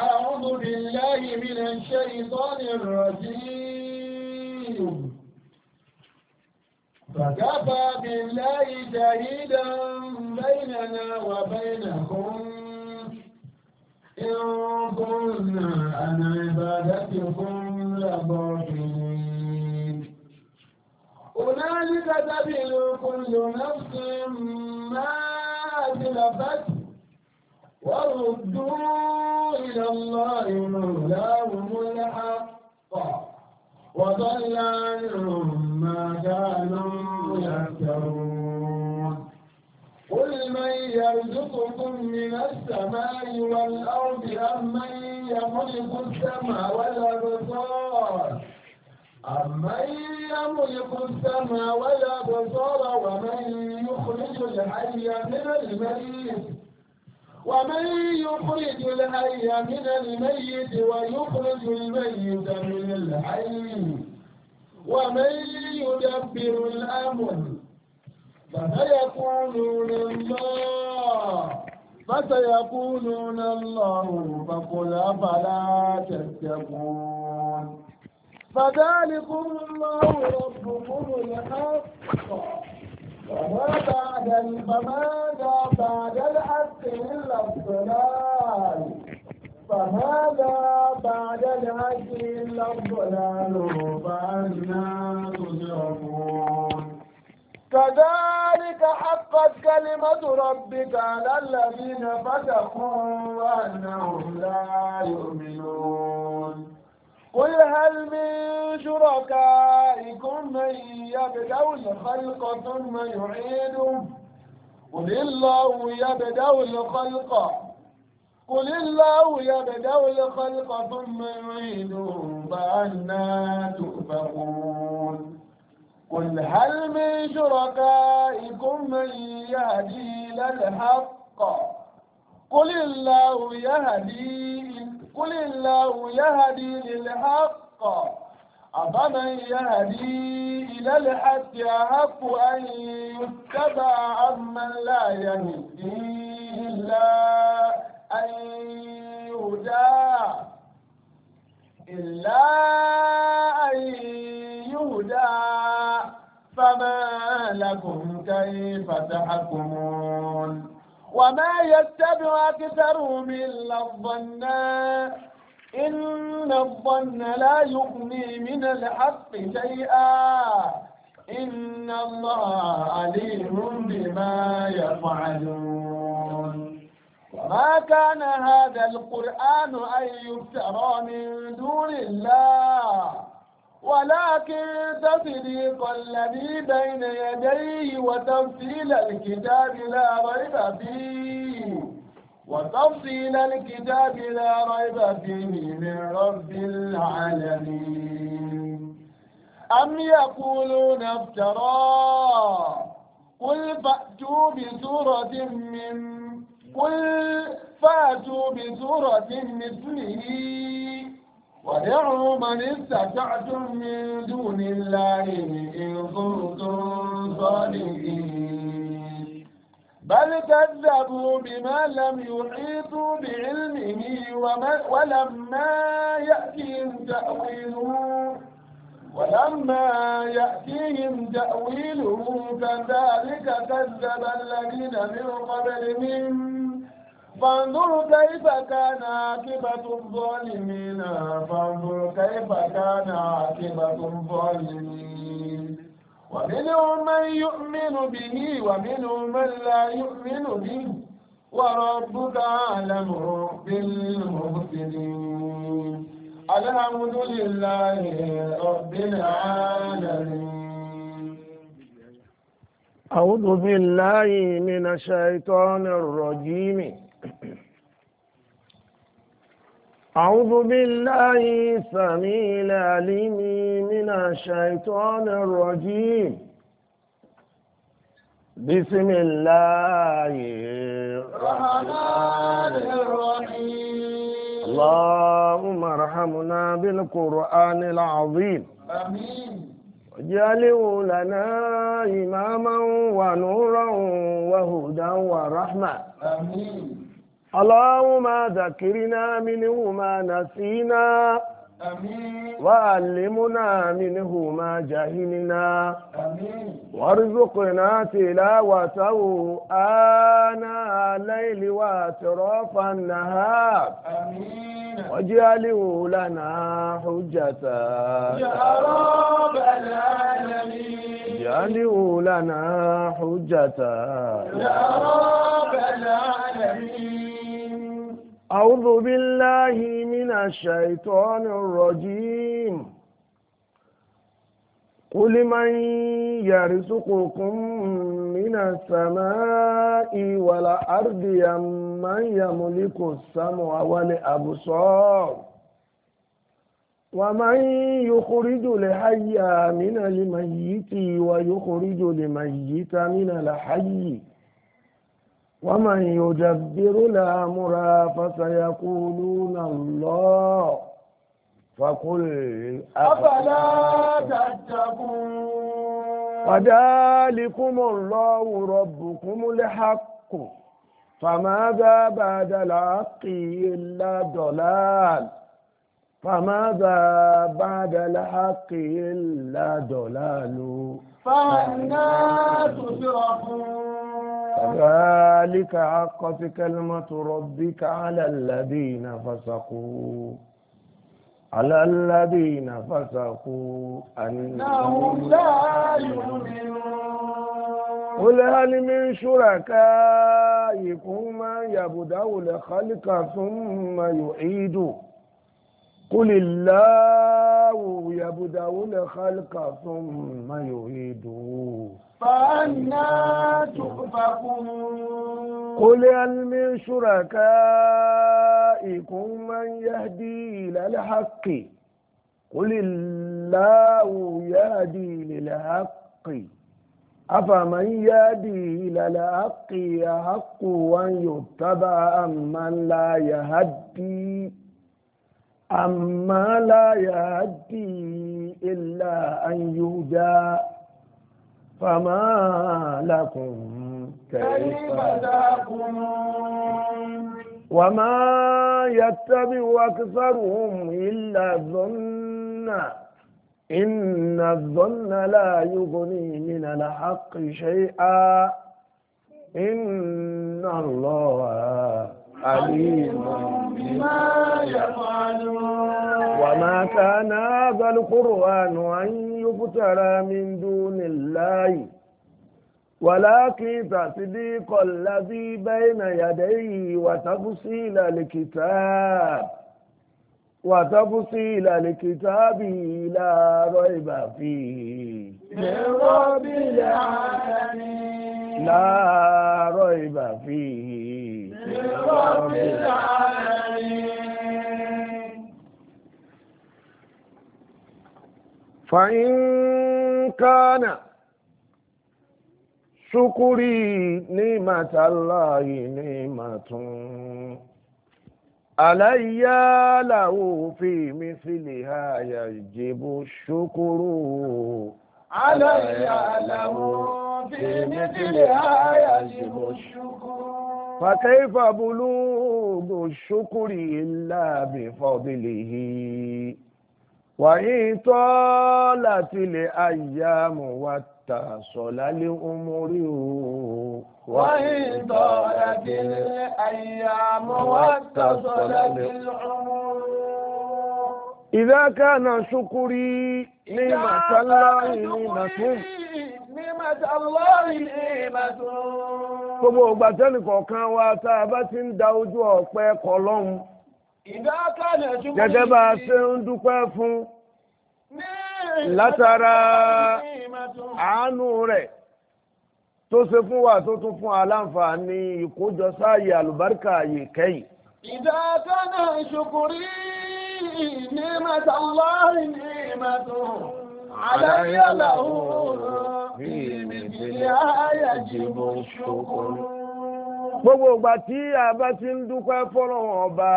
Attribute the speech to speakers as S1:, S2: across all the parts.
S1: أعوذ بالله من الشيطان الرجيم فكفى بالله شهيدا بيننا وبينكم إن كنا عن عبادتكم لغافلين هنالك تبلو كل نفس ما أسلفت وردوا إلى الله مولاهم الحق وضل عنهم ما كانوا يفترون قل من يرزقكم من السماء والأرض أم من يملك السماء والأبصار أمن يملك السماء والأبصار ومن يخرج الحي من الميت ومن يخرج الحي من الميت ويخرج الميت من الحي ومن يدبر الأمر فسيقولون الله فسيقولون الله فقل أفلا تتقون فذلكم الله ربكم الحق فما بعد فماذا بعد الحق إلا الضلال فماذا بعد الحق إلا الضلال
S2: فأنا تجرمون
S1: كذلك حقت كلمة ربك على الذين فتقوا وأنهم لا يؤمنون قل هل من شركائكم من يبدأ الخلق ثم يعيده قل الله يبدأ الخلق قل الله يبدأ الخلق ثم يعيده فأنا تؤفكون قل هل من شركائكم من يهدي إلى الحق قل الله يهدي قل الله يهدي للحق أفمن يهدي إلى الحق أحق أن يتبع أمن لا يهدي إلا أن يهدى إلا أن يهدى فما لكم كيف تحكمون وما يتبع أكثرهم إلا الظن إن الظن لا يغني من الحق شيئا إن الله عليم بما يفعلون وما كان هذا القرآن أن يفترى من دون الله ولكن تصديق الذي بين يديه وتفصيل الكتاب لا ريب فيه وتفصيل الكتاب لا ريب فيه من رب العالمين أم يقولون افترى قل فأتوا بسورة من قل فأتوا بسورة مثله ودعوا من استطعتم من دون الله إن كنتم صالحين بل كذبوا بما لم يحيطوا بعلمه ولما يأتيهم تأويله ولما يأتيهم تأويله كذلك كذب الذين من قبلهم فانظروا كيف كان عاقبة الظالمين فانظروا كيف كان عاقبة الظالمين ومنهم من يؤمن به ومنهم من لا يؤمن به وربك أعلم بالمفسدين الحمد لله رب العالمين أعوذ بالله من الشيطان الرجيم أعوذ بالله السميع العليم من الشيطان الرجيم بسم الله الرحمن
S2: الرحيم
S1: اللهم ارحمنا بالقرآن العظيم آمين واجعله لنا إماما ونورا وهدى ورحمة
S2: آمين
S1: اللهم ذكرنا منه ما نسينا وعلمنا منه ما جهلنا وارزقنا تلاوته آناء الليل وأطراف النهار واجعله لنا حجة يا رب العالمين اجعله لنا حجة يا رب العالمين أعوذ بالله من الشيطان الرجيم قل من يرزقكم من السماء والأرض من يملك السمع والأبصار ومن يخرج الحي من الميت ويخرج الميت من الحي ومن يدبر الأمر فسيقولون الله فقل أفلا تتقون وذلكم الله ربكم الحق فماذا بعد الحق إلا ضلال فماذا بعد الحق إلا ضلال فأنا تصرفون ذلك حقت كلمة ربك على الذين فسقوا على الذين فسقوا أنهم لا يؤمنون
S2: قل هل
S1: من شركائكم من يبدأ الخلق ثم يعيد قل الله يبدأ الخلق ثم يعيده فأنا تؤفكون قل هل من شركائكم من يهدي إلى الحق قل الله يهدي للحق أفمن يهدي إلى الحق يحق أن يتبع أما لا يهدي أما لا يهدي إلا أن يهدى فما لكم كيف تأكلون وما يتبع أكثرهم إلا الظن إن الظن لا يغني من الحق شيئا إن الله عليم بما يفعلون وما كان هذا القرآن أن يفترى من دون الله ولكن تصديق الذي بين يديه وتفصيل الكتاب وتفصيل الكتاب لا ريب فيه من العالمين لا ريب فيه لرب العالمين فإن كان شكري نعمة الله نعمة علي له في مثلها يجب الشكر علي ألم في مثل آية الشكر فكيف بلوغ الشكر إلا بفضله وإن طالت الأيام واتصل الأمر
S2: وإن طالت الأيام واتصل
S1: العمر إذا كان شكري نعمة الله gbogbo ìgbà tẹ́nì kọ̀ọ̀kan wa tá a bá ti ń da ojú ọ̀pẹ kọ lọ́hùn. bá a ṣe ń fún látara àánú tó ṣe fún ìdá kan náà نعمة الله نعمة
S2: علي له
S1: في مثلها يجب الشكر gbogbo ìgbà tí a bá ti ń dúpẹ́ fọ́lọ́run ọba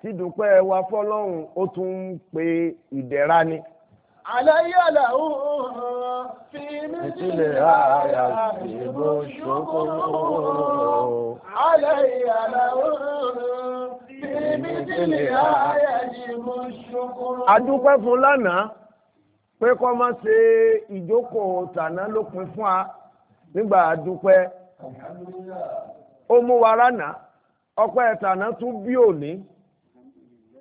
S1: tí dúpẹ́ wa fọ́lọ́run ó tún ń pe ìdẹ̀ra ni. علي له في مثلها يجب الشكر fún lánàá pé kọ́ máa ṣe ìjókòó tàná lópin fún wa nígbà adúpẹ́ ó mú wa ránàá ọpẹ́ tàná tún bí òní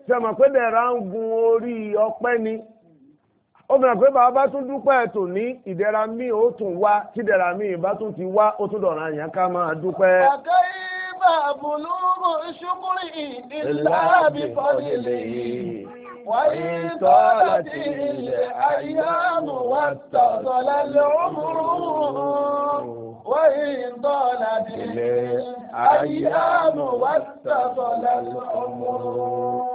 S1: ṣe mọ̀ pé dẹ̀ra ń gun orí ọpẹ́ ni. obìnrin pé bàbá tún dúpẹ́ ètò ní ìdẹ̀ra mi ó tún wá tí ìdẹ̀ra mi ìbá tún ti wá ó tún dọ̀rọ̀ àyàn ká máa dúpẹ́. àkẹ́yìnbá bùnúmù ṣúkúrì ìdíláàbí fọ́dílé wáyé tọ́lá ti ilẹ̀ àyàmù wà tọ̀tọ̀lá lọ́mùrù. وإن ضالت الأيام واتصل العمر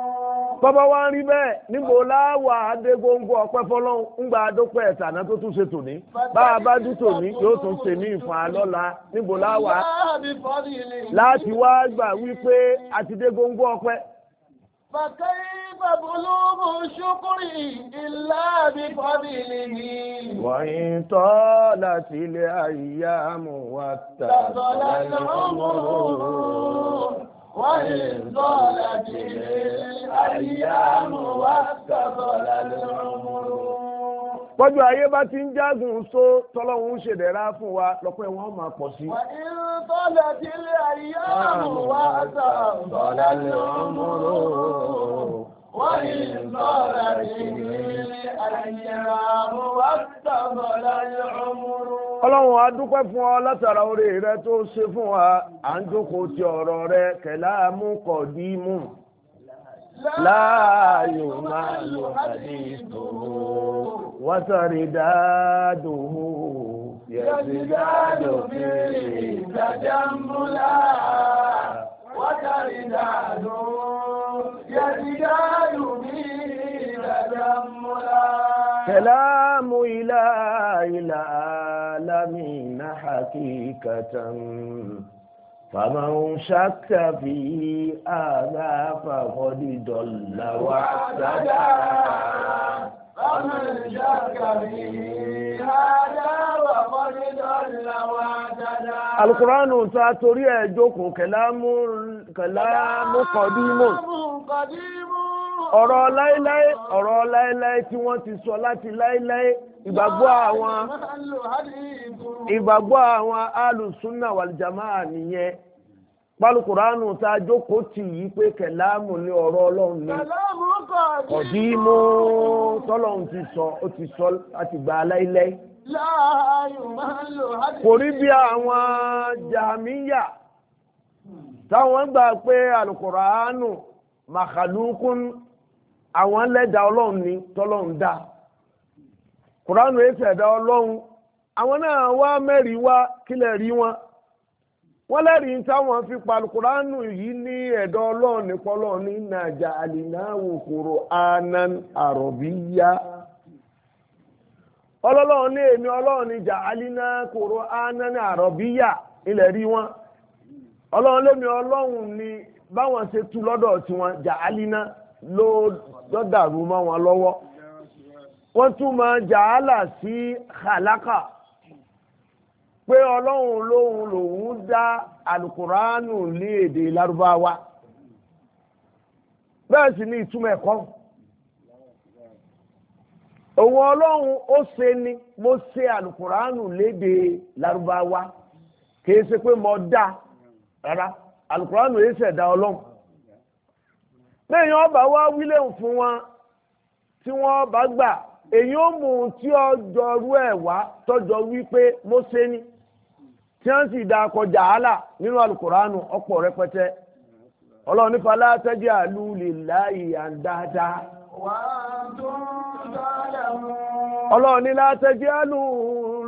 S1: tọ́ba wá ń rí bẹ́ẹ̀ níbo láwà adégbòǹgbò ọ̀pẹ́ fọlọ́hún ńgbà àdópẹ́ ẹ̀sàná tó tún ṣe tòní bá a bá dún tòní yóò tún ṣe ní ìfọ̀n alọ́la níbo láwà láti wá gbà wípé àti dégbòǹgbò ọ̀pẹ́. فكيف بلوغ الشكر إلا بفضله وإن طالت الأيام واتصل العمر وإنزلت الأيام واستطلت العمر Bọ́jú ayé bá ti ń jágùn só tọ́lọ́hun ń ṣèdẹ̀ra fún wa lọ́pọ̀ ẹ̀wọ̀n máa pọ̀ sí. Ìtọ́lẹ̀ tí ilé ayé àrùn wá sàbọ̀lá lọ́mọ́rọ̀. Ọlọ́run a dúpẹ́ fún ọ látara oore rẹ tó ṣe fún wa, à ń jókòó ti ọ̀rọ̀ rẹ kẹ̀lá mú kọ̀ dí mú.
S2: Láàyò
S1: máa lò àdé tó, wọ́n sọ̀rí dáadòó, yẹ̀sì dáadòó fi ìdájá ń múlá. وترداد إلى به تجملا العالمين حقيقة فمن شك في هذا فقد ضل واعتدى فمن شك به هذا وقد ضل واعتدى القرآن تاتوري ẹjọ́kùn kẹlámù kẹlámù kọdímù ọ̀rọ̀ láéláé ọ̀rọ̀ láéláé tí wọ́n ti sọ láti láéláé ìgbàgbọ́ àwọn ìgbàgbọ́ àwọn alùsùnà wàlìjàmáà nìyẹn pálukùránù tá jókòó tì yí pé ní ọ̀rọ̀ ọlọ́run ni ọ̀dí mú tọ́lọ́run ti sọ ó ti sọ láti gba aláìlẹ́. kò rí bí àwọn jàmíyà táwọn gbà pé alukùránù màkàlùkùn àwọn lẹ́dà ni tọ́lọ́run dá kùránù ọlọ́run àwọn náà wá mẹ́rin wá wọn. wọ́n lẹ́rìí táwọn fi palukuraanu yìí ní ẹ̀dọ́ ọlọ́run nípa ní nàjà àlìnáwó kòrò anan àròbíyá ọlọ́run èmi jà àlìná kòrò àròbíyá ilẹ̀ rí wọn ọlọ́run lómi ní báwọn ṣe tu lọ́dọ̀ tiwọn jà àlìná ló dọ́dàrú lọ́wọ́ wọ́n tún máa jà á là sí kàlákà. pé ọlọ́run lóhun lòun dá alukuraanu ní èdè Lárúbáwá bẹ́ẹ̀ sì ni ìtumọ̀ ẹ̀kọ́ òun ọlọ́run ó ṣe ni mo ṣe alukuraanu lédè Lárúbáwá kìí ṣe pé mo dá rárá alukuraanu yìí ṣẹ̀dá ọlọ́run lẹ́yìn ọba wá wílé fún wọn tí wọ́n bá gbà èyí ó mú un tí ọjọ́rú ẹ̀ wá tọ́jọ́ wípé mo ṣe ni. tí wọ́n sì da nínú alukóránù ọ̀pọ̀ rẹpẹtẹ ọlọ́run nípa látẹ́jú àlú lè láàyè àǹdáadá. ọlọ́run ní látẹ́jú àlù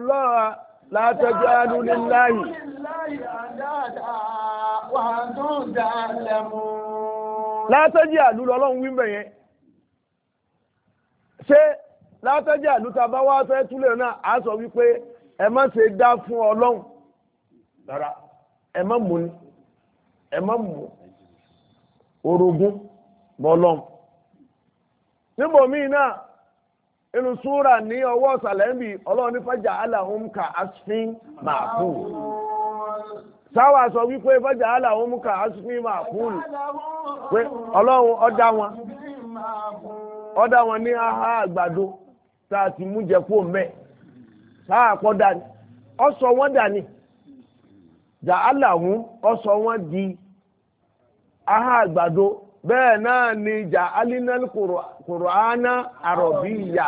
S1: lọ́ra látẹ́jú àlù lè láàyè. látẹ́jú àlù lọ́lọ́run wí bẹ̀yẹn ṣé látẹ́jú àlù tá wá fẹ́ túlẹ̀ náà á sọ wípé ẹ má ṣe dá fún ọlọ́run. rárá ẹ má mú ni ẹ mú orogún bọ́lọ́m níbo míì náà inú súra ní ọwọ́ sàlẹ́ńbì ọlọ́run ní fàjà aláhùn ká asfin màkú sáwà sọ wípé fàjà aláhùn ká asfin màkú pé ọlọ́run ọ̀dá wọn ọ̀dá wọn ní aha àgbàdo tá a ti mú jẹ kó sáà dání jàálàhùn ọsọ wọn di aha àgbàdo bẹ́ẹ̀ náà ni jàálínàl kùránà àrọ̀bíyà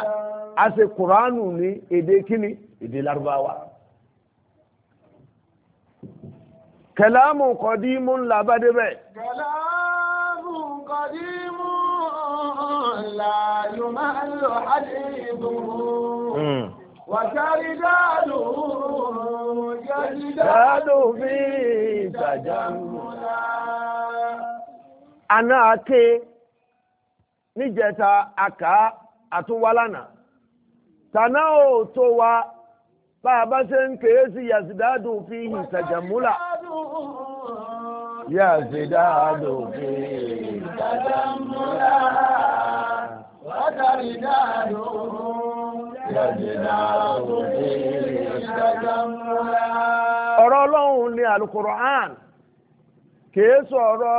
S1: a ṣe kùránù ní èdè kíni èdè lárúbáwá. kẹlámù kọdímù ńlá bá débẹ̀. kẹlámù kọdímù ńlá yóò máa lọ jádò fi ìtàjàmúlá. Àná àké níjẹta àká àtúwálànà. Tàná ò tó wa bá a bá ṣe ń kéré sí Yàzìdádò fi ìtàjàmúlá. Yàzìdádò fi ìtàjàmúlá. Wátàrí dáadò. Yàzìdádò fi ìtàjàmúlá. ọ̀rọ̀ ọlọ́run ni alukur'an kìí sọ̀rọ̀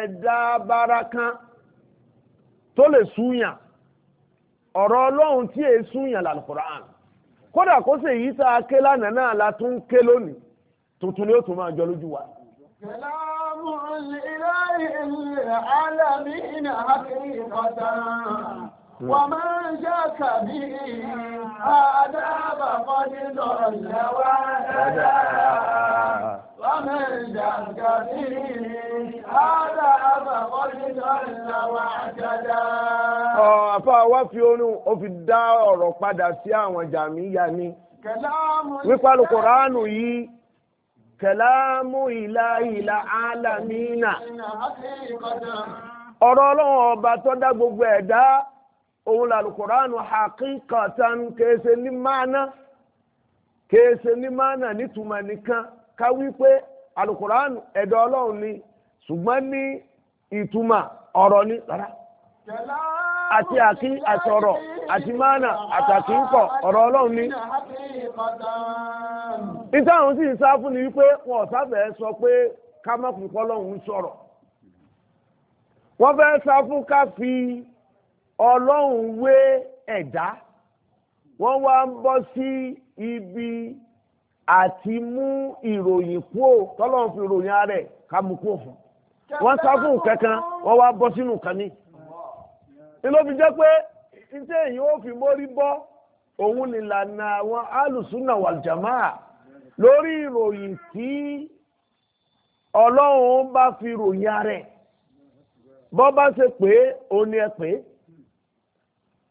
S1: ẹ̀dá bára kan tó lè súyàn ọ̀rọ̀ ọlọ́run tí èé súyàn làlùkùrán kódà kó sì yí tá ké lánàá náà la tún ké lónìí tuntun ni ó tún máa jọ lójú wa. وما جاك به آداب قد ضل وعدا ومن جاك به آداب قد ضل وعدا Àfáà wá fi oorun ó fi dá ọ̀rọ̀ padà sí àwọn jàmíyà ni. Wípé Alukùránù yìí kẹlámù ìlàhìlà álámínà. Ọ̀rọ̀ Ọlọ́run ọba tó dá gbogbo ẹ̀dá òun làlùkùránù àkínkàtàn kèése ní máàná kèése maana máàná nítumọ̀ nìkan ká wípé àlùkùránù ẹ̀dọ̀ ọlọ́run ni ṣùgbọ́n ni ituma ọ̀rọ̀ ni rárá àti àkí àtọ̀rọ̀ àti máàna àtàkínkọ̀ ọ̀rọ̀ ọlọ́run ni. ìtàn àwọn sì ń sá fún ni wípé wọn ò sáfẹ́ sọ pé ká má fi kọ́ lọ́hùn sọ̀rọ̀ wọ́n fi. ọlọ́run wé ẹ̀dá wọ́n wá ń bọ́ sí ibi àti mú ìròyìn kúò tọ́lọ́run fi ròyìn ara ẹ̀ ká mú kúò fún
S2: wọ́n sá fún kankan
S1: wọ́n wá bọ́ sínú kan ní. ìlóbi jẹ́ pé iṣẹ́ èyí ó fi mórí bọ́ òun nìlànà àwọn alùsùnà wàlùjàmá lórí ìròyìn tí ọlọ́run bá fi ròyìn ara ẹ̀ bọ́ bá ṣe pé òun ni ẹ pè é.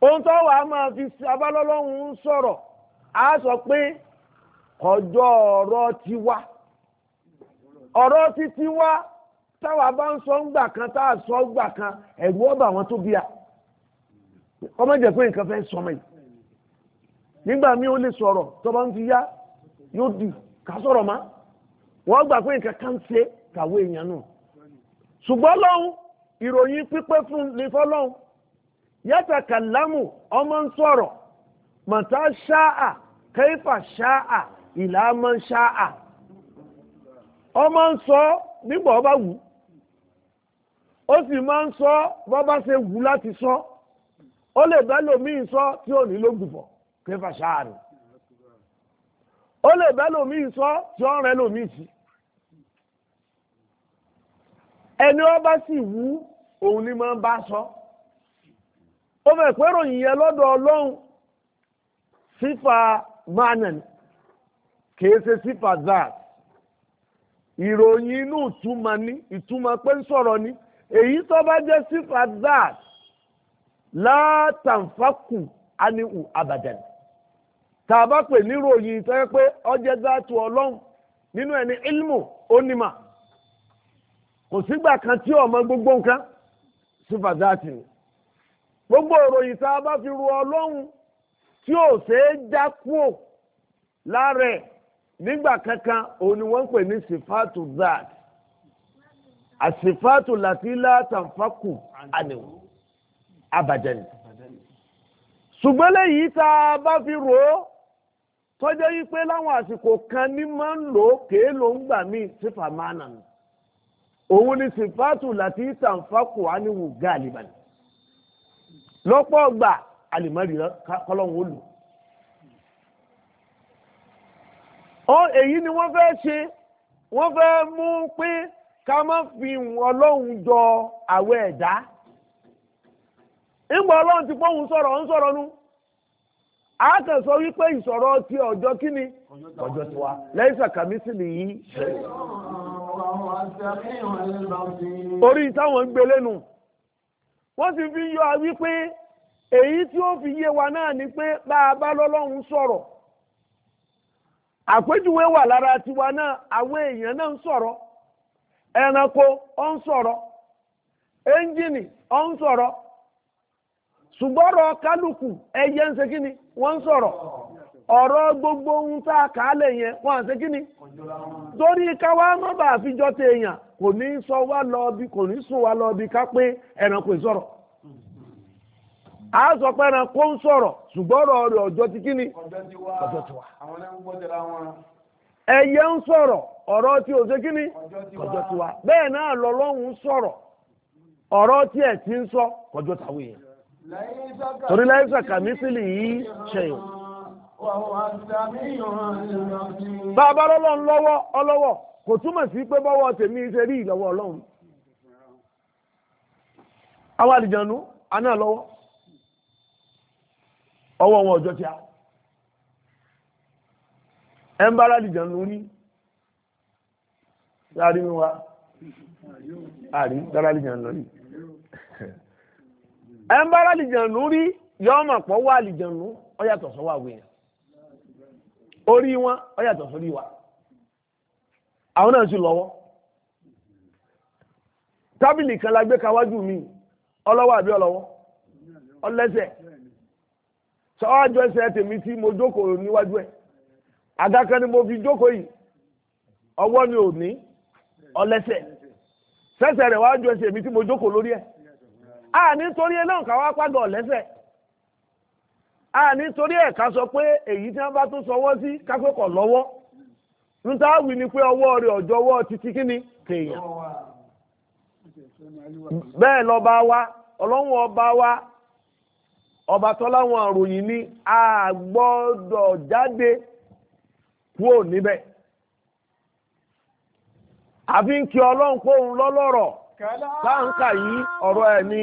S1: ohun tó wàá máa fi abálọ́lọ́hún sọ̀rọ̀ á sọ pé ọjọ́ ọ̀rọ̀ tiwa ọ̀rọ̀ ti tiwa táwa bá ń sọ ńgbà kan tá a sọ ńgbà kan ọba àwọn tó bí a ọmọ jẹ pé nǹkan fẹ́ sọmọ yìí nígbà míì ó lè sọ̀rọ̀ tó bá ń fi yá yóò di ká sọ̀rọ̀ má wọ́n gbà pé nǹkan kan ṣe kàwé èèyàn náà ṣùgbọ́n lọ́hùn ìròyìn pípẹ́ fún yàtàkàlámù ọmọ ń sọ̀rọ̀ màtá ṣáà kẹfà ṣáà ìlàmọ́ ṣáà ọmọ ń sọ nígbà ọba wù ó sì máa ń sọ bọ́bá ṣe wù láti sọ ó lè bá lòmíì sọ tí ò ní lóògùnfọ̀ kẹfà ṣáà rẹ̀ ó lè bá lòmíì sọ tí ó ẹni ọba sì wù òun ni máa ń bá sọ. So ó mọ̀ pé ròyìn yẹn lọ́dọ̀ ọlọ́run sífà manan kìí ṣe sífà zat ìròyìn inú ìtumọ̀ ní ìtumọ̀ pé ń sọ̀rọ̀ ní èyí tó bá jẹ́ sífà zat látàǹfàkù anihu abadan tá a bá pè ní ròyìn tó pé ilmu onímọ̀ kò sígbà kan tí ọmọ gbogbo nǹkan sífà zat ni. gbogbo òròyìn tá a bá fi ru ọlọ́run tí ò ṣeé já kúò lára ẹ̀ nígbà kankan òun ni wọ́n ń pè ní sifatu zad àsifatu làtìlá tàǹfàkù àníwò abàjẹ́ni. ṣùgbọ́n lẹ́yìn tá a bá fi rò ó tọ́jọ́ yí pé láwọn àsìkò kan ní máa ń lò ó kéé ló ń gbà mí sífà máa nà nù. òun ni sifatu làtìlá tàǹfàkù àníwò gáàlì bàlẹ̀. lọ́pọ̀ ọgbà alìmọ́rì kọ́lọ́hún ó lò. èyí ni wọ́n fẹ́ ṣe wọ́n fẹ́ mú pé ká má fi ọlọ́run jọ àwẹ̀ ẹ̀dá. ìgbà ọlọ́run ti pọ́hùn sọ̀rọ̀ ń sọ̀rọ̀ nu a kàn sọ wípé ìsọ̀rọ̀ ti ọjọ́ kíni ọjọ́ ti wa lẹ́yìn sàkàmísì nìyí. orí táwọn ń gbé lẹ́nu. wọ́n sì fi yọ àwí pé èyí tí ó fi yé wa náà ni pé bá a bá lọ́lọ́run sọ̀rọ̀ àpèjúwe wà lára tiwa náà àwọn èèyàn náà ń sọ̀rọ̀ ẹranko ó ń sọ̀rọ̀ ẹ́ńjìnì ó ń sọ̀rọ̀ ṣùgbọ́n ọ̀rọ̀ kálukú ẹyẹ ń ṣe kí ni wọ́n ń sọ̀rọ̀. ọ̀rọ̀ gbogbo ohun tá a kà á lè yẹn wọ́n àti kíni torí káwá má bàa fi jọ ti èèyàn kò ní sọ wá lọ bí kò ní sùn wá lọ bí ká pé ẹranko ìsọ̀rọ̀ a sọ pé ẹranko ń sọ̀rọ̀ ṣùgbọ́n ọ̀rọ̀ rẹ̀ ọjọ́ ti kíni ọjọ́ ti wá ẹyẹ ń sọ̀rọ̀ ọ̀rọ̀ ò ṣe kíni ọjọ́ ti wá bẹ́ẹ̀ náà lọ́lọ́hún sọ̀rọ̀ ọ̀rọ̀ ẹ̀ ti ń Bàbá lọwọ lọ́wọ́ ọlọ́wọ́ kò túmọ̀ sí pé bọ́wọ́ tèmi ṣe rí ìlọ́wọ́ ọlọ́run. Àwọn àlìjànú aná lọ́wọ́. Ọwọ́ wọn ọjọ́ tí a. Ẹ ń bára àlìjànú rí. Láàrin mi Àrí dára Ẹ ń rí pọ̀ wá sọ́wọ́ orí wọn ó yàtọ̀ sórí wa àwọn náà sì lọ́wọ́ tábìlì kan la gbé ka wájú mi ọlọ́wọ́ àbí ọlọ́wọ́ ọlẹ́sẹ̀ sọ́wájú ẹsẹ̀ tèmi tí mo jókòó níwájú ẹ̀ àdáka ni mo fi jókòó yìí ọwọ́ ni ò ní ọlẹ́sẹ̀ sẹ́sẹ̀ rẹ̀ wájú ẹsẹ̀ mi tí mo jókòó lórí ẹ̀ a nítorí ẹ náà káwá pàgọ́ ọlẹ́sẹ̀. a nítorí ẹ̀ ká sọ pé èyí tí wọn bá tún sọwọ́ sí kápẹ́kọ̀ lọ́wọ́ níta wí ni pé ọwọ́ rẹ ọ̀jọ́ ọwọ́ títí kíni kéèyàn bẹ́ẹ̀ lọ́ba wa ọlọ́run ọba wa ọba tọ́láwọn àròyìn ni a gbọ́dọ̀ jáde kúrò níbẹ̀ àfi ń kí ọlọ́run pòun lọ́lọ́rọ̀ láǹkà yìí ọ̀rọ̀ ẹ̀ ni.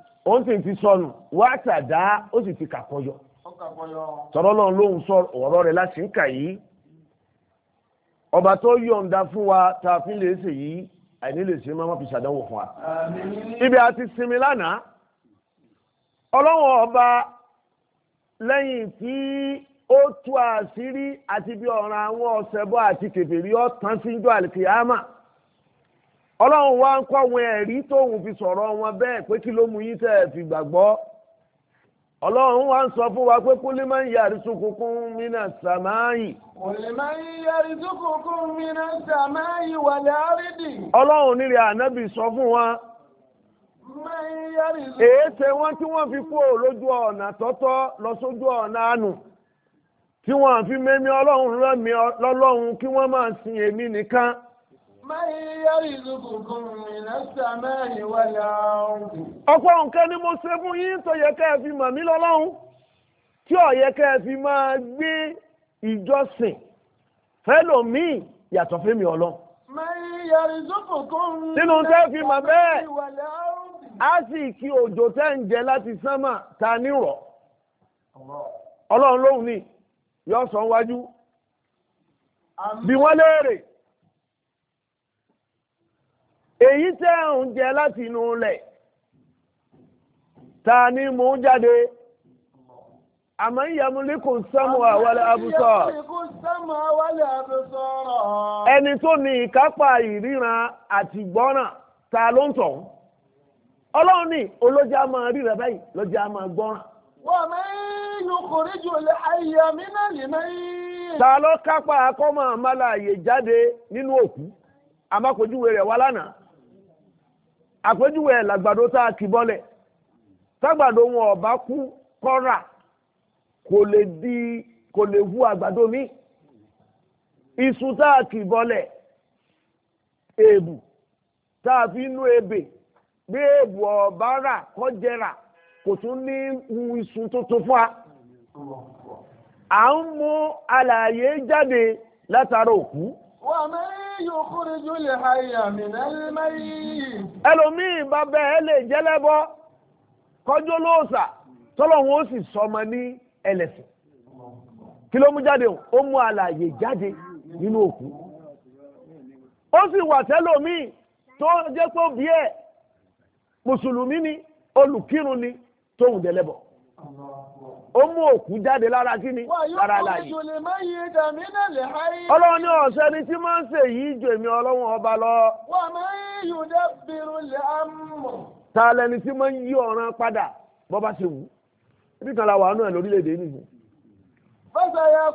S1: ó sì ti sọnù wá tàdá ó sì ti kàkọyọ tọrọ náà lóhùn sọ ọ̀rọ̀ rẹ̀ láti ń kà yìí ọba tó fún wa tá a fi lè ṣe yìí àìní lè ṣe fi ṣàdánwò fún wa. ibi a ti sinmi lánàá ọlọ́wọ́n ọba lẹ́yìn tí ó tú àṣírí àti bí ọ̀ràn àwọn ọ̀sẹ̀ bọ́ àti kèfèrí ọ̀tán ọlọ́run wá ń kọ́ ẹ̀rí tóun fi sọ̀rọ̀ wọn bẹ́ẹ̀ pé kí ló fi gbàgbọ́ ọlọ́run wá ń sọ fún wa pé kúlí máa ń yàrí sukùnkùn mìíràn sàmáyì. kúlí máa ń yàrí mìíràn wà lárídì. ọlọ́run nílẹ̀ ànábì sọ fún wa. èé wọ́n tí wọ́n fi kú lójú ọ̀nà tọ́tọ́ ọ̀pọ̀ nǹkan ni mo ṣe fún yín tó yẹ ká ẹ fi mọ̀ mí lọ́lọ́run tí ó yẹ ká ẹ fi máa gbé ìjọsìn fẹ́lòmíì yàtọ̀ fẹ́mi ọlọ́run. nínú tẹ́ fi mọ̀ bẹ́ẹ̀ á sì kí òjò tẹ́ ń jẹ láti sánmà ta nírọ̀ ọlọ́run lóhùn ni yóò sọ wájú bí wọ́n léèrè. èyí tẹ́ ń jẹ láti inú ta ni mò ń jáde àmọ́ ìyàmúlékùn sẹ́mu àwọlé abúsọ̀ ẹni tó ní ìkápá ìríran àti gbọ́ràn ta ló ń tọ̀ ọlọrun ní olójà máa ríra báyìí lọ́jà máa gbọ́ràn. wọ́n mi yùkùrí jù lẹ́ ayé mi náà lè náà ta ló kápá akọ́mọ̀ àmàlà jáde nínú òkú àmọ́ kò lánàá. àpèjúwe ẹ̀ làgbàdo tá a kì bọ́lẹ̀ tágbàdo wọn ọba kú kọ́ra kò lè di kò lè hu àgbàdo mi iṣu tá a kì bọ́lẹ̀ èèbù tá a fi nú ebè bí èèbù ọba rà kọjẹrà kò tún ní hu iṣu tuntun fún wa à ń mú alààyè jáde látara òkú. ومن يخرج الحي من الميت ẹlòmíì bá bẹ́ẹ̀ ẹ lè jẹ́lẹ́bọ kọjú lóòsà tọ́lọ́hún ó sì sọmọ ní ẹlẹ́sìn kí ló mú jáde ó mú àlàyé jáde nínú òkú ó sì wà tẹ́lòmíì tó jẹ́ pé bí ẹ̀ mùsùlùmí ni olùkírun ni tóun dẹ̀lẹ́bọ̀. ó mú òkú jáde lára kí lára láàyè. ọlọ́run ní ọ̀sẹ̀ ni tí máa ń ṣe yìí ju èmi ọlọ́run ọba lọ. wà á máa ń yùdẹ́ bìrù lẹ́mọ̀. ta lẹni tí máa ń yí ọ̀ràn padà bọ́ bá ṣe wù. ibi kan la wà nù ẹ̀ lórílẹ̀‐èdè nìyí.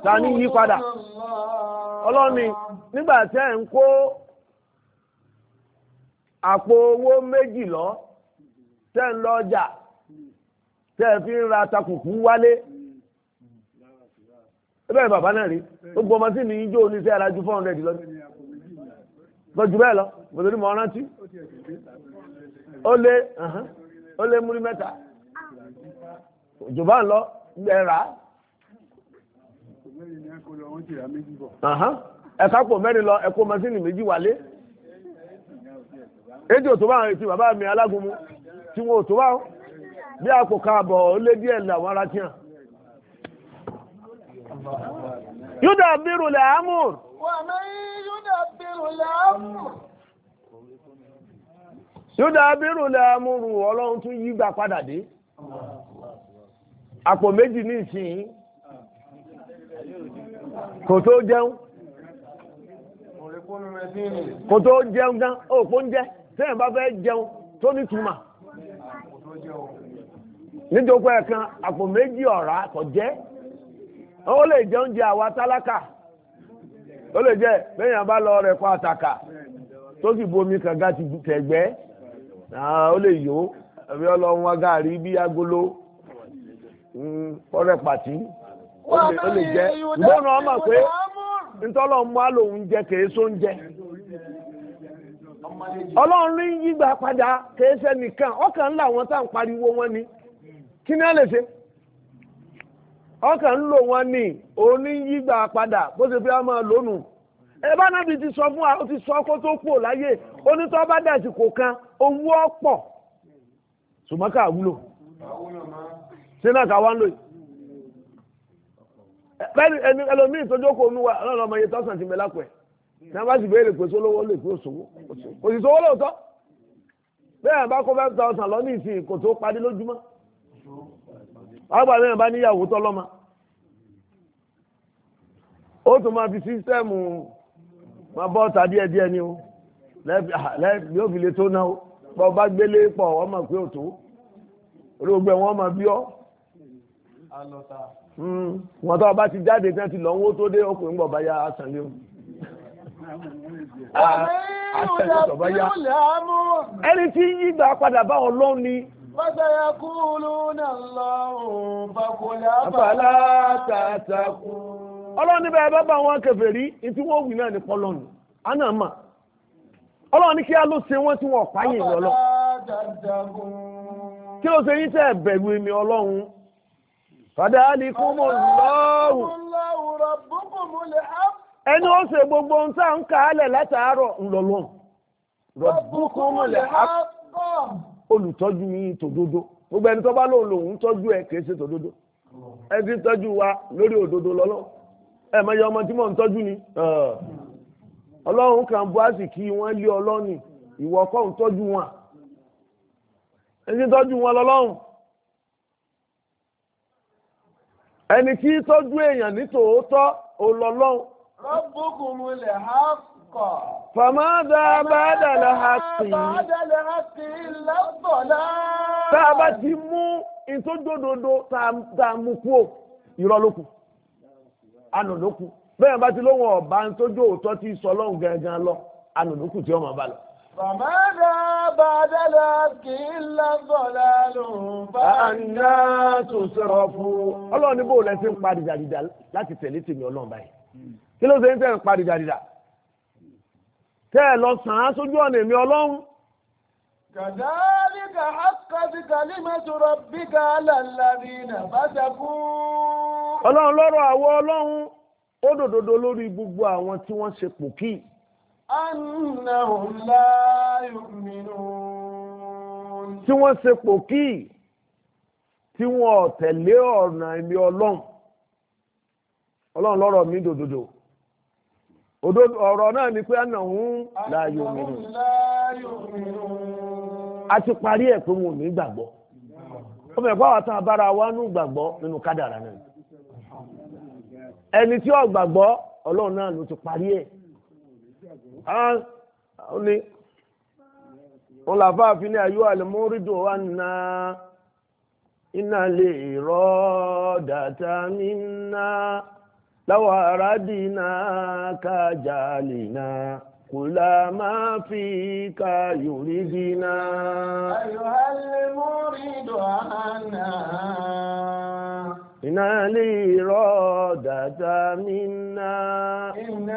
S1: ta ni yí padà. ọlọ́run ni nígbà tẹ́ ẹ̀ ń kó àpò owó méjì lọ tẹ́ ń lọ ọjà. tẹ́ fi ń ra takùkù wálé bẹ́ẹ̀ bàbá náà rí gbogbo ọmọ mi lọ gbọ́jú bẹ́ẹ̀ lọ mọ̀tòrí mọ̀ rántí ó lé ó lé múrí mẹ́ta lọ gbẹ̀rà ẹ̀ka pò mẹ́rin lọ ẹ̀kọ́ mọ́sínì méjì wálé èdè bàbá mi alágúnmu tí wọn bí àpò káàbọ̀ ó lé díẹ̀ làwọn ará tíyàn. yúdà bírù làámùr. yúdà bírù làámùrù ọlọ́run tún yí gbà padà dé. àpò méjì ní ìsìn kò tó jẹun kò tó jẹun gan òpó ń jẹ sẹ́yìn bá fẹ́ jẹun tó nítumọ̀. níjókòó ẹ̀kan àpò méjì ọ̀rá kò jẹ́ ó lè jẹ oúnjẹ àwa tálákà ó lè jẹ bẹ́yìn àbá lọ rẹ̀ kọ́ àtàkà tó sì bomi kànga ti tẹ̀gbẹ́ ó lè yó ẹ̀mí ọlọ́run wa gàrí bí agolo ọ̀rẹ́ pàtí ó lè jẹ ìgbóná ọmọ pé ntọ́lọ́ mú àlòun jẹ kèé sóúnjẹ ọlọ́run yígbà padà kèé sẹ́nìkan ọkàn wọn tá kí ni ọ lè ṣe ọkàn ń lò wọn ní oníyígbà padà bó ṣe fi máa lónù ẹ bá ti sọ fún wa ó ti sọ kó tó kú ò láyé onítọ́ bá dàsí kò kan owó ọ̀pọ̀ wúlò ṣé náà ká wá ń lò yìí iye tọ́sán ti ní wọ́n bá sì béèrè pé sólówó lè pé òṣòwò kò sì lóòótọ́ bẹ́ẹ̀ bá kó àgbà náà bá níyàwó tọ́lọ́mà ó tún máa fi sísẹ́ẹ̀mù máa bọ́ ọ̀tà díẹ̀ díẹ̀ ni o lẹ́ẹ̀bí ó fi lè tó náà o bọ́ bá gbélé pọ̀ wọ́n mọ̀ pé òtó olóògbé wọn mọ̀ bí ọ́ hmm, wọ́n tó bá ti jáde tán ti lọ́wọ́ tó dé ọkùnrin bọ̀ bá yá o tó ẹni فسيقولون الله ọlọ́run níbẹ̀ bá wọn rí tí wọ́n náà ní pọ́lọ́nù àná mà ọlọ́run ní kí á ló ṣe wọ́n tí wọ́n pààyàn ìlú ọlọ́run kí ló ṣe yín tẹ́ bẹ̀rù èmi ọlọ́run fàdà ní kún mọ̀ lọ́rùn ẹni ó ṣe gbogbo ohun tá à ń kà á lẹ̀ látàárọ̀ ńlọ́lọ́run rọ̀bùkún olùtọ́jú yín tòdodo gbogbo ẹni tó bá lòun lòun tọ́jú ẹ kìí ṣe tòdodo ẹ ti tọ́jú wa lórí òdodo lọ́lọ́ ẹ mọ̀ iye ọmọ tí mò ń tọ́jú ni ọlọ́run kan bu àsìkí wọn lé ọlọ́ni ìwọ kọ́ ń tọ́jú wọn ẹ ti tọ́jú wọn lọ́lọ́run ẹni tí tọ́jú èèyàn ní tòótọ́ òlọ́lọ́run. rọ́bùkún mi lè há Fàmádà bàdà lọ́hàtì. Bàdà lọ́hàtì lọ́bọ̀lá. Tá a bá ti mú ìtójódodo tá a mú kú ò, irọ́ ló kù, ànà ló kù. Bẹ́ẹ̀ bá ti lóhùn ọ̀bá ń tójó òótọ́ ti sọ lọ́hùn gangan lọ, ànà ló kù tí ọmọ bá lọ. Fàmádà bàdà lọ́hàtì lọ́bọ̀lá ló bá iná tó sọ̀rọ̀ fún. Ọlọ́run ní lẹ́sìn ń pa dìdàdìdà láti tẹ̀lé tèmi ọlọ́run báyìí. Kí ló ṣe ń tẹ̀ pa dìdàdìdà? tẹ́ ẹ lọ sàn án sójú ọ̀nà èmi ọlọ́run. kàdáríkà ákàtí kalimatu rabbika alàlàrínà bá ṣẹkú. ọlọ́run lọ́rọ̀ àwọ ọlọ́run ó dòdòdó lórí gbogbo àwọn tí wọ́n ṣe pòkì. annahum la yu'minun. tí wọ́n ṣe pòkì tí wọ́n tẹ̀lé ọ̀nà èmi ọlọ́run ọlọ́run lọ́rọ̀ mi dòdòdó. òdodo ọ̀rọ̀ náà ni pé ànàhún láàyò mìíràn a ti parí ẹ̀ pé wọn ò ní gbàgbọ́ ó fẹ́ fáwọn àtàn abára wa nù gbàgbọ́ nínú kádàrà náà ẹni tí ó gbàgbọ́ ọlọ́run náà ló ti parí ẹ̀ ó ní wọn làbá àfin ní ayé àlùmọ́rídò wa nà iná lè rọ́ dàtà nínà. لو أردنا كجالنا كل ما فيك يريدنا أيها المريد أنا إن الإرادة منا إن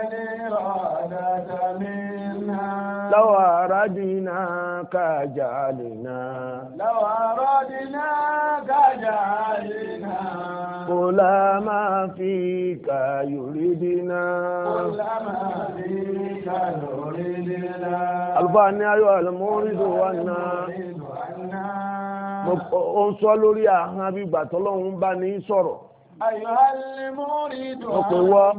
S1: الإرادة منا لو أردناك جعلنا
S2: لو أردناك جعلنا
S1: قل ما فيك يريدنا قل ما فيك يريدنا الباني أيها المورد والنار ó ń sọ lórí ahọ́n abígbà tọ́lọ́hún bá ní sọ̀rọ̀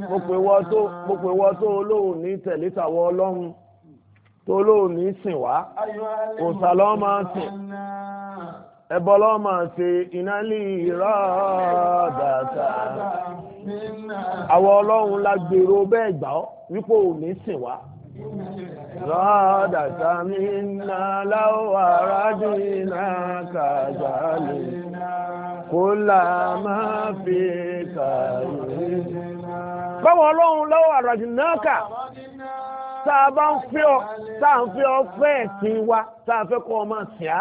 S1: mo pè wọ́ tó olóhùn ní tẹ̀lé ọlọ́hun tó olóhùn ní sìn wá òòsà lọ́ọ́ máa sìn ẹbọ lọ́ọ́ máa ṣe iná lè rà dáadáa àwọn ọlọ́hun la gbèrò bẹ́ẹ̀ gbà ọ́ wípé ò ní sìn wá zọ́ọ̀dà sami nà láwọ̀ arábìnà kàjálì kó là máa fi kàrí. báwọn ọlọ́run lọ́wọ́ àràjìnáàkà tá a bá ń fẹ́ ọ fẹ́ ọ wa tá fẹ́ kọ́ ọ máa á.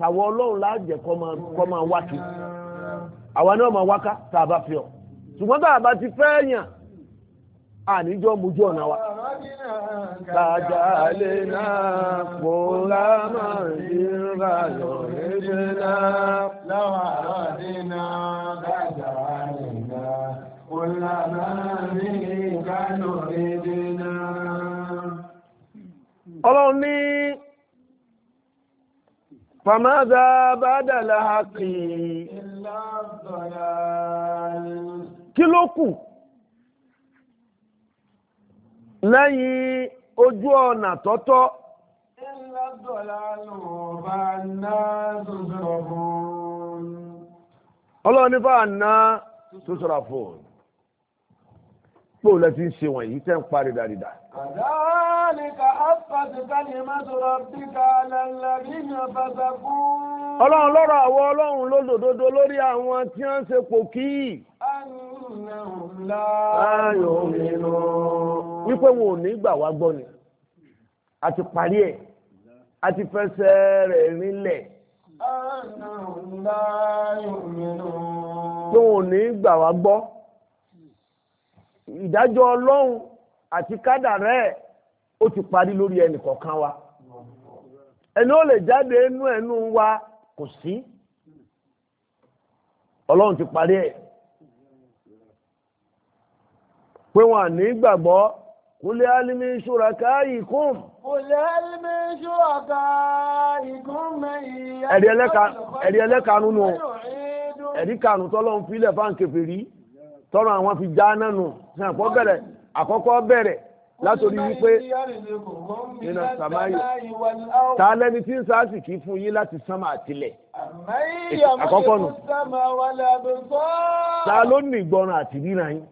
S1: tàwọn ọlọ́run láàjẹ́ kọ́ máa wá kí àwa náà máa wáká tá a fi ọ̀ ṣùgbọ́n tá bá ti fẹ́ yàn àníjọ́ mojú ọ̀nà wa. Tàjàlé náà kò lámà ìrà yọ̀rẹ́ jẹ́ náà láwọn àrádé náà tàjàlé náà kò lámà ní ìgbà yọ̀rẹ́ náà. Ọlọ́run ní فماذا بعد الحق إلا الضلال kí ló kù lẹ́yìn ojú ọ̀nà tọ́tọ́ إلا الضلال فأنى تصرفون ọlọ́run ní fàánà tó bóò lẹ́ ti ń ṣe wọ̀nyí tẹ́ ń parí dáadáa. àdáàlìkà àpàtìkà ni mẹ́sọ̀rọ̀ bí kàlẹ́lẹ́bí ni ọ̀fẹ́sẹ̀ fún. ọlọ́run lọ́rọ̀ àwọn ọlọ́run lódòdodo lórí àwọn tí wọ́n ń ṣe pò kí. ayò mìíràn. wípé wọn ò ní gbà wá gbọ́ ni a ti parí ẹ̀ a ti fẹsẹ̀ rẹ̀ rinlẹ̀. ayò mìíràn. pé wọn ò ní gbà wá gbọ́. ìdájọ́ ọlọ́run àti kádà rẹ̀ ó ti parí lórí ẹnì kọ̀ọ̀kan wa ẹni ó lè jáde inú ẹnu wa kò sí ọlọ́run ti parí ẹ̀ pé wọn ní gbàgbọ́ kúlẹ̀ alimi ṣúra káyì kún. kúlẹ̀ alimi ṣúra káyì kún ẹ̀rí ẹlẹ́kanu sàǹkọ́ bẹ̀rẹ̀ àkọ́kọ́ bẹ̀rẹ̀ látòrí wípé nínú samayo. ta lẹni tí ń sáàsì kì í fún yín láti sánmà àtìlẹ̀ àkọ́kọ́ nù ta ló ní ìgbọràn àti ríran yín.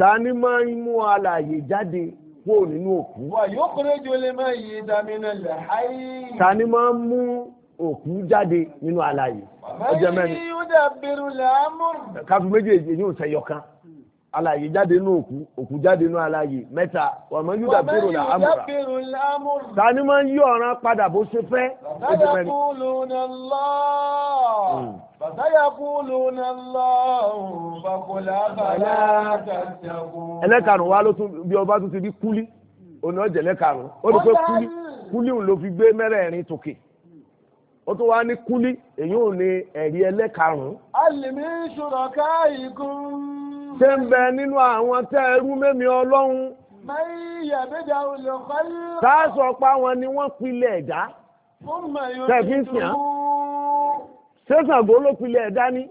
S1: ta ni máa ń mú alààyè jáde kúrò nínú òkú. ta ni máa ń mú òkú jáde nínú alààyè ọjọ́ mẹ́rin káfí méjèèjì yóò sẹyọ kan alààyè jáde nínú òkú òkú jáde nínú alààyè mẹ́ta wàmọ yóò dàbírò làámùrà ta ni máa ń yí ọ̀ràn padà bó ṣe fẹ́ ọjọ́ mẹ́rin. Fàtàyàkúlùnà lọ́wọ́ bàkúlà bàlá tàṣàkùn. Ẹlẹ́karùn-ún wa ló tún bí ọba tún ti di kúlí, òun náà jẹ̀lẹ́karùn-ún, ó ní pé kúlí kúlí òun ló fi gbé mẹ́rẹ̀ẹ̀rin tòkè ó tún wá ní kúlí èyí ò ní ẹ̀rí ẹlẹ́karùn-ún. alìmí ṣùrọ̀ká ìkún. ṣé ń bẹ nínú àwọn tẹ́ ẹrú mẹ́mi ọlọ́run. báyìí yàgbéjà olùkọ́ yìí. sáàsọ pa wọn ni wọ́n pilẹ̀ ẹ̀dá. fún mayo tuntun. ṣé Ṣàngó ló pilẹ̀ ẹ̀dá ni.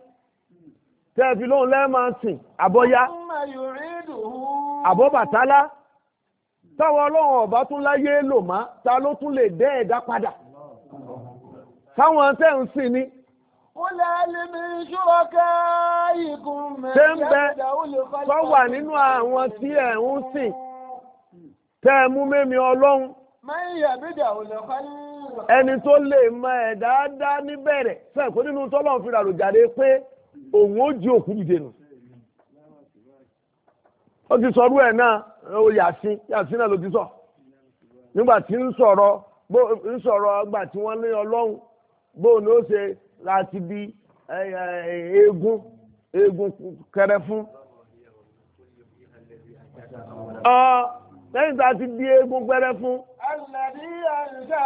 S1: tẹ́ẹ̀fì lóhùn lẹ́ẹ̀máa sìn àbọ̀yá. fún mayo rídùn. àbọ̀bàtálá. táwọn ọlọ́run ọ̀bá tún láyé lò má ta ló tún lè dẹ́ ẹ̀dá padà. sáwọn tẹ́ ń sìn ni. Kúlẹ̀ alimi ṣúrọ̀ká ikùn mẹ́rin yàtọ̀ olùkọ́lẹ̀. Tó wà nínú àwọn tí ẹ̀ ń sìn tẹ́ ẹ mú mẹ́mi ọlọ́run. Ẹni tó lè mọ ẹ̀ dáadáa níbẹ̀rẹ̀ sẹ́kọ̀ọ́ nínú tọ́lọ̀ fi jáde pé òun ó òkú dìde nù. bóun ó ṣe láti bí eégún eégún kẹrẹ fún. ọ lẹ́yìn a ti bí eégún kẹrẹ fún. Àlàdí àǹdà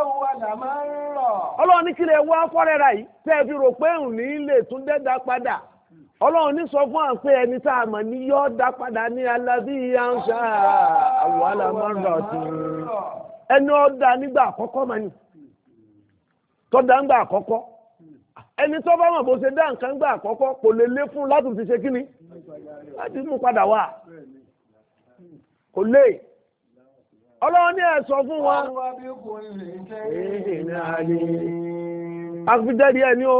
S1: àwàdà máa ń rọ̀. Ọlọ́run ní wá fọ́rẹ́ra yìí tẹ́ ẹ fi rò pé òun ní lè tún padà. Ọlọ́run ní sọ ẹni tá a mọ̀ ní yọ́ dá padà ní alábí máa ń rọ̀ tún. tó dá ń gbà àkọ́kọ́ ẹni tó bá mọ̀ bó ṣe dá nǹkan gbà àkọ́kọ́ kò lè lé fún láti fi ṣe kí ni láti mú padà wá kò lè ọlọ́run ní ẹ sọ fún wa. àfijẹ́rì ẹ̀ ni o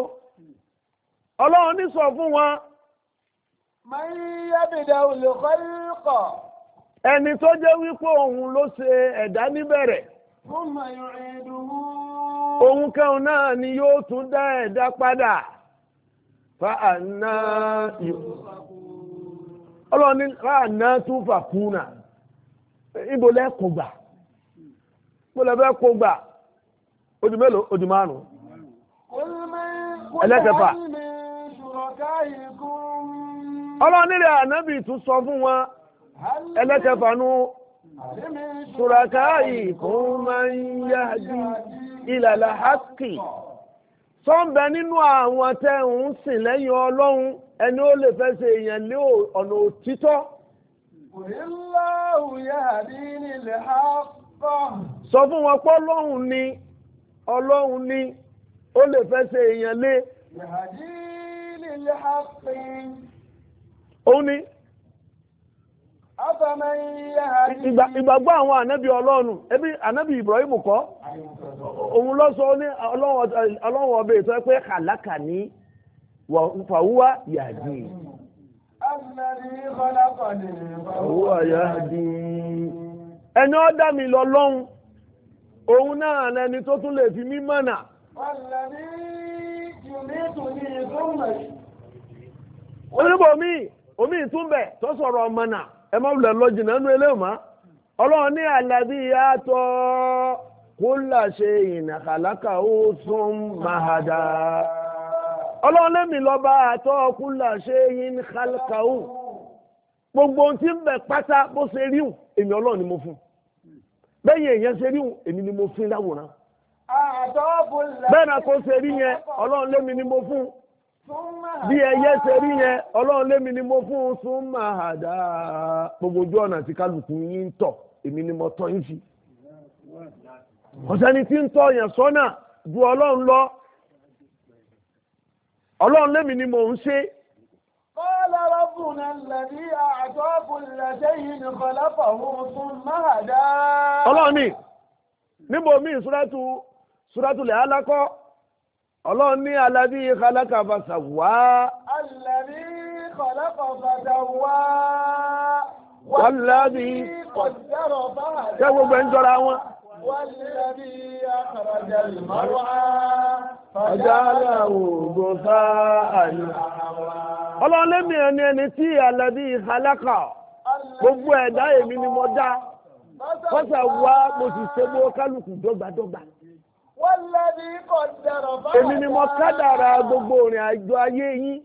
S1: ọlọ́run ní sọ fún wa. máa ń yábìdá olùkọ́ lùkọ́. ẹni tó jẹ́ wípé òun ló ṣe ẹ̀dá níbẹ̀rẹ̀. fún mayọ̀ ẹ̀dùn. òun kẹ́hùn náà ni yóò tún dá ẹ̀dá padà fa tún fà kúnà ibo lẹ́kùn gbà ojú mélòó ojú márùn-ún ànábì tún sọ fún wọn ẹlẹ́kẹ̀fà nú ṣùràkáyì máa ń yá ìlàlà hákì sọ́ńbẹ nínú àwọn tẹ́ ń sìn lẹ́yìn ọlọ́run ẹni ó lè fẹ́ ṣe èèyàn lé ọ̀nà òtítọ́. sọ fún wọn pé ọlọ́run ni ọlọ́run ni ó lè fẹ́ ṣe èèyàn lé. òun ni. ìgbàgbọ́ àwọn ànábì ọlọ́run ebi ànábì Ibrahim kọ́ òun lọ sọ ní ọlọ́run ọbẹ̀ ìtọ́ pé kàlákà ní fàwúwà yàdí fàwúwà yàdí ẹni ó dá mi lọ lọ́hun òun náà lẹni tó tún lè fi mí mọ̀nà omi ìtúnbẹ̀ tó sọ̀rọ̀ mọ̀nà ẹ má wulẹ̀ ilé ní àlàbí yàtọ̀ kó là ṣe ìnàkàlákà ó tún máa dá ọlọ́run lẹ́mìí lọ́ba àtọ́ gbogbo ti bẹ pátá bó ṣe rí èmi ni mo fún bẹ́yìn èèyàn ṣe rí hùn èmi ni mo fún láwòrán náà bí ẹyẹ ṣe rí yẹn ọlọ́run lémi ni mo fún un sún máa hà dáa gbogbo ojú ọ̀nà tí kálukú yín ń tọ̀ èmi ni mo tọ́ yín sí. ọ̀sẹ́ni tí ń tọ́ yẹn sọ́nà ju ọlọ́run lọ ọlọ́run lémi ni mò ń ṣe. Kọ́lá rọ́bùnà lẹ́bí àtọ́kùnlẹ̀ sẹ́yìn ní kọlọ́pọ̀ òun fún máa dáa. Ọlọ́run ni, níbo mi ìsúrátù, ìsúrátù lẹ́ alákọ́ ọlọ́run ní alábí kọlákà fàṣà wá. alábí kọlákà fàṣà wá.
S2: wàlábí
S1: kọjáró bá a. ṣé gbogbo ẹ̀ ń jọra wọn. wàlábí
S2: akọ̀rọ̀jà lùmọ́rọ́ á. ọjà aláwò
S1: gòsà àná. ọlọ́run lẹ́mí ẹni ẹni tí alábí kọlákà gbogbo ẹ̀dá èmi ni mo dá. fàṣà wá mo sì ṣe bó kálukú dọ́gbadọ́gba. Èmi ni mo gbogbo òrìn àjò ayé yín.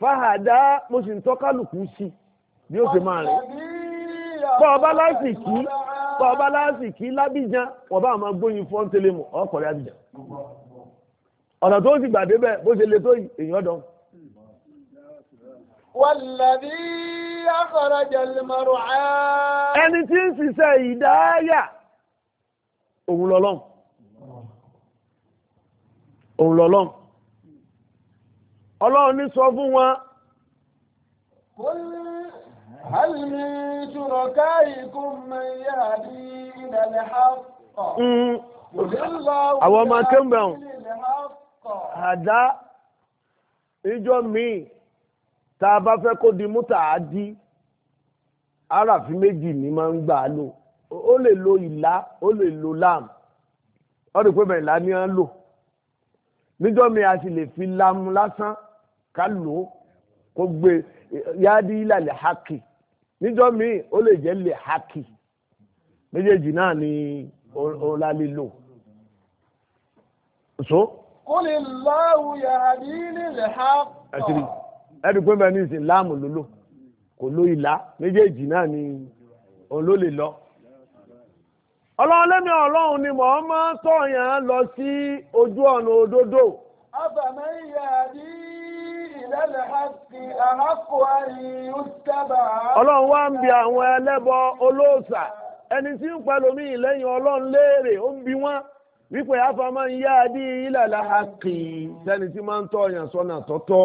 S1: Fáhàdá mo sì ń tọ́kálùkù sí bí ó ṣe máa rìn. Bọ́ ọba lásìkí, bọ́ ọba lásìkí lábíjan, wọ́n bá máa gbóyin fún ọ́ntẹ́lẹ̀ mọ̀, ọkọ̀rẹ́ Ọ̀nà tó èèyàn dán. òun lọ́lọ́n ọlọ́run ní sọ fún wọn. هل من شركائكم من يهدي إلى الحق àwọn ọmọ akẹ́mbẹ̀ àdá ìjọ míì tá a bá fẹ́ kó di múta àádí aráàfin méjì ni máa ń gbà á lò ó lè lo ìlà ó lè lo láàmù ó rí pé bẹ̀rẹ̀ ìlà ni á lò níjọ́ mi a sì lè fi lamu lásán ká lò ó kó gbé yáàdí ilà lè hákì níjọ́ mi ó lè jẹ́ lè hákì méjèèjì náà ni ó la lè lò. so. kúlì láwù yàrá ilé hákì. ẹ̀rí pé bẹ́ẹ̀ ní ìsìn láàmù ló lò kò ló ìlà méjèèjì náà ni òun ló lè lọ ọlọ́run lẹ́mi ọlọ́run ni mò ń máa tọ̀yàn lọ sí ojú ọ̀nà òdodo. afẹ́mi yàrá ìlẹ́lẹ̀ àti àhákò àrí òṣìṣẹ́bà. ọlọ́run wá ń bi àwọn ẹlẹ́bọ olóòṣà ẹni tí ń pẹlòmí lẹ́yìn ọlọ́run léèrè ó ń bi wọ́n wípé afẹ́mi yàrá ìlẹ́lẹ̀ àkì sẹ́ni tí máa ń tọ̀yàn sọ́nà tọ́tọ́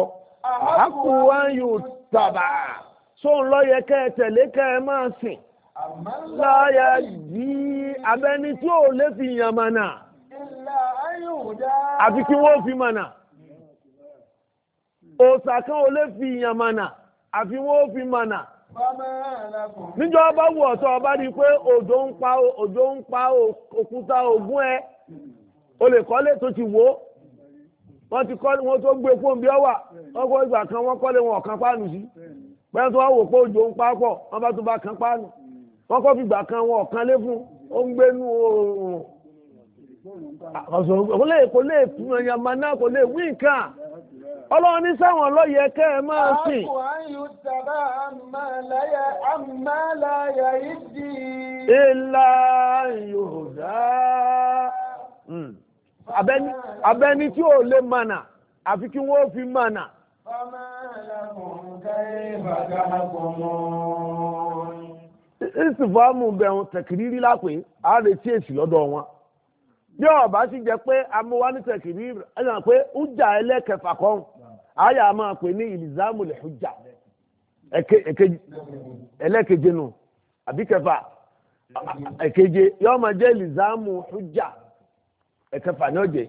S1: àhákò àrí òṣìṣẹ́bà sóun ló yẹ máa sìn láyà yìí. abẹ́ni tí ò lè fi yàn mànà àfi kí wọ́n fi mànà òòsà kan ò lè fi yàn mànà fi ọba wù ọ̀tọ̀ ọba rí i pé òjò ń pa òkúta ẹ o lè kọ́lé tó ti wò ó wọ́n ti wọn tó gbé fóun bí ọ wà kan wọ́n wọn ọ̀kan páànù sí wò kan wọ́n kan wọn ó ń gbénú oòrùn lè kò lè yàmà náà kò lè wí nǹkan ọlọ́run ní sáwọn ọlọ́yẹ kẹ́ ẹ máa sìn. ìlà yorùbá hmm. abẹ́ni tí ò lè mànà àfi kí wọ́n fi mànà. fọmọ́ làwọn kẹ́ ẹ bàgà ìsìnfọ́ọ̀mù bẹ̀rùn tẹ̀kìrìrì lápè á retí èsì lọ́dọ̀ wọn bí ọba sì jẹ pé amúwá ní tẹ̀kìrìrì ẹ̀ náà pé hujja ẹlẹ́kẹfà kan àyà máa pè ní ìlìzámù lè hujja ẹlẹ́keje nù àbí kẹfà ẹ̀keje yọ máa jẹ́ ìlìzámù hujja ẹ̀kẹfà ní ọ̀jẹ̀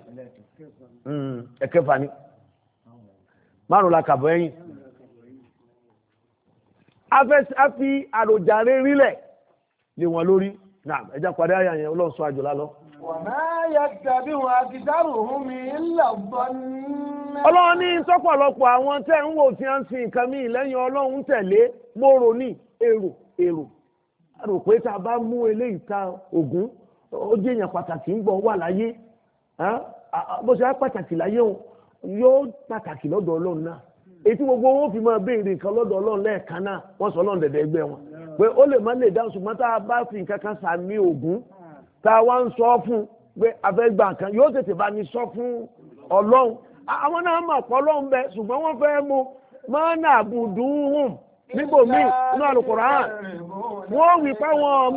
S1: hmm, ẹ̀kẹfà ní márùn la kàbọ̀ ẹ̀yìn afẹ́ afi àròjà rẹ̀ rílẹ̀. lé wọn lórí náà ẹja padà àyà yẹn ọlọ́run sọ àjò lálọ. wàmẹ́ mi ní. ọlọ́run ní sọ́pọ̀lọpọ̀ àwọn tẹ́ ń wò tí wọ́n sin nǹkan míì lẹ́yìn ọlọ́run tẹ̀lé ní èrò èrò bá mú eléyìí ta ògún ó jẹ́ èèyàn pàtàkì ń bọ̀ wà láyé bó ṣe pàtàkì pàtàkì lọ́dọ̀ ọlọ́run náà ètí gbogbo wọn fi máa béèrè nǹkan lọ́dọ̀ ọlọ́run lẹ́ẹ̀kan náà wọ́n sọ ọlọ́run dẹ̀dẹ̀ ẹgbẹ́ wọn pé ó lè má lè dáhùn ṣùgbọ́n tá a bá fi nǹkan kan sàmì ògún tá a wá ń sọ fún pé abẹ́gbà kan yóò tètè bá ní sọ fún ọlọ́run àwọn náà mà pọ̀ ọlọ́run bẹ ṣùgbọ́n wọ́n fẹ́ mú máa nà àbùdùn níbò míì inú àlùkùránì wọ́n wí pé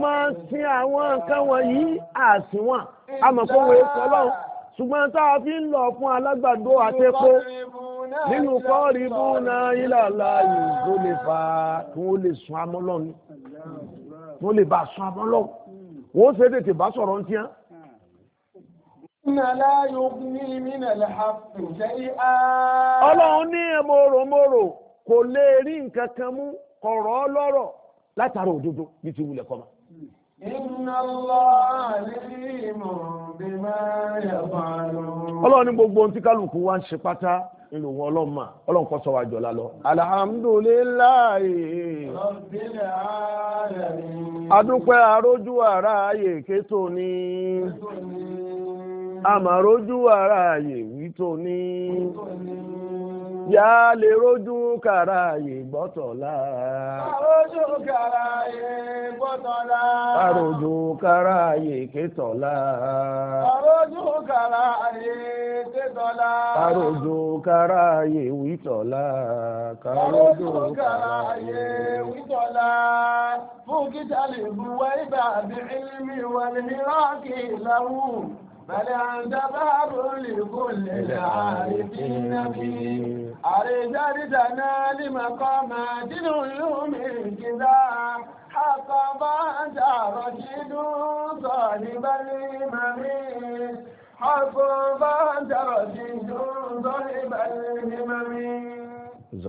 S1: máa sí àwọn nǹkan
S2: nínú kọ́ọ̀rì bú náà ìlàlá ìgbó lè
S1: fa kí wọ́n lè sun amọ́lọ́ ni kí wọ́n lè bá sun amọ́lọ́ wọ́n ṣe tètè bá sọ̀rọ̀ ní tiẹ́. ọlọ́run ní mòròmòrò kò lè rí nǹkan kan mú kọ̀rọ̀ ọlọ́rọ̀ látara òdodo bí ti wulẹ̀ kọ́ máa. ọlọ́run ní gbogbo ohun tí kálukú wa ń ṣe pátá nínú wọn ọlọ́run mà ọlọ́run kọ́ sọ wa jọ̀la alhamdulilayi. adúpẹ́ arójú ara ààyè kétò ní. àmàrójú ara ààyè wítò ní. ya á lè rójú kàrà gbọ́tọ̀lá. àrójú kàrà gbọ́tọ̀lá. kàrà kétọ̀lá. àrójú kàrà àyè kétọ̀lá. àrójú kàrà wítọ̀lá. kàrà fún kíta lè bu wáyé bàbí ìlmi wal híràkì Bàdà ń dábàbò lè kó lè láàrin bí nàbí. Àrèjá dídà náà lè máa kọ́ máa dínú ìlú mi kìlá. Àkọ́bá ń dàrọ̀ jídú sọ ní màmí. ní màmí.